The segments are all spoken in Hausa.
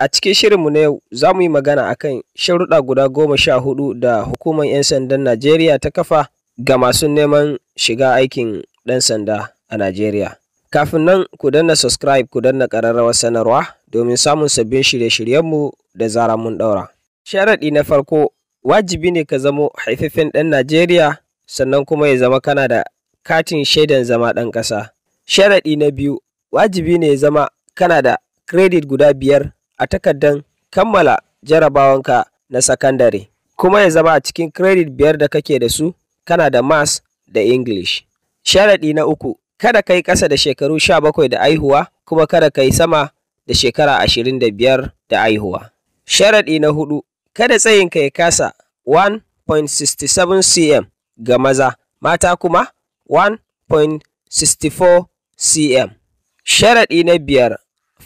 A cikin shirinmu na yau za mu yi magana a kan sharuɗa guda goma sha hudu da hukumar 'yan sandan Najeriya ta kafa ga masu neman shiga aikin ɗan sanda a Najeriya. Kafin nan ku danna subscribe ku danna ƙararrawar sanarwa domin samun sabbin shirye-shiryenmu da zara mun ɗaura. Sharaɗi na farko wajibi ne ka zamo haifafen ɗan Najeriya sannan kuma ya zama kana da katin shaidan zama ɗan ƙasa. Sharaɗi na biyu wajibi ne ya zama kana da kredit guda biyar a takardan kammala jarabawanka na sakandare kuma ya zama a cikin credit biyar da kake da su kana da mas da english sharaɗi na uku kada ka yi ƙasa da shekaru sha bakwai da aihuwa kuma kada ka yi sama da shekara ashirin da biyar da aihuwa sharaɗi na hudu kada tsayinka ya kasa 1.67 cm ga maza mata kuma 1.64 cm sharaɗi na biyar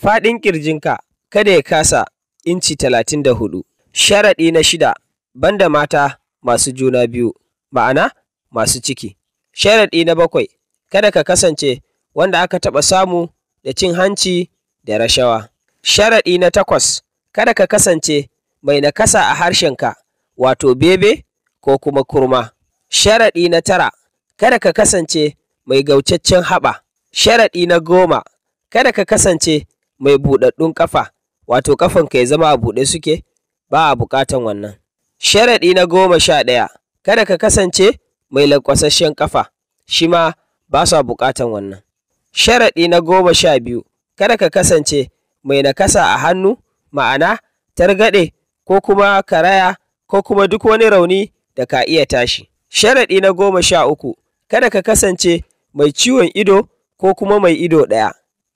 faɗin ƙirjinka kada ya kasa inci talatin da hudu. Sharaɗi na shida banda mata masu juna biyu ma'ana masu ciki. Sharaɗi na bakwai kada ka kasance wanda aka taɓa samu da cin hanci da rashawa. Sharaɗi na takwas kada ka kasance mai nakasa a harshenka wato bebe ko kuma kurma. Sharaɗi na tara kada ka kasance mai gaucaccen haɓa. Sharaɗi na goma kada ka kasance mai buɗaɗɗun ƙafa wato ka ya zama a buɗe suke ba a buƙatan wannan. Sharaɗi na goma sha ɗaya kada ka kasance mai lankwasasshen ƙafa, shi ma ba sa buƙatan wannan. Sharaɗi na goma sha biyu kada ka kasance mai nakasa a hannu ma'ana targaɗe ko kuma karaya ko kuma duk wani rauni da ka iya tashi. Sharaɗi na goma sha uku kada ka kasance mai ciwon ido ko kuma mai ido ɗaya.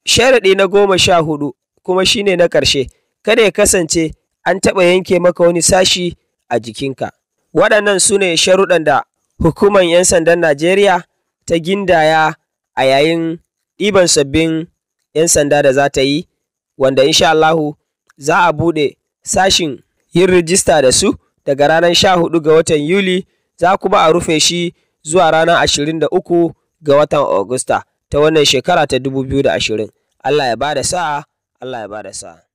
Sharaɗi na goma sha hudu kuma shi ne na ƙarshe kada ya kasance an taɓa yanke maka wani sashi a jikinka waɗannan su ne sharuɗan da hukumar 'yan sandan najeriya ta gindaya a yayin ɗiban sabbin 'yan sanda da za ta yi wanda insha Allahu za a buɗe sashin yin rijista da su daga ranar sha hudu ga watan Yuli za kuma a rufe shi zuwa ranar ashirin da uku ga watan Agusta ta wannan shekara ta dubu 2020. Allah ya ba da sa'a Allah ya ba da sa'a.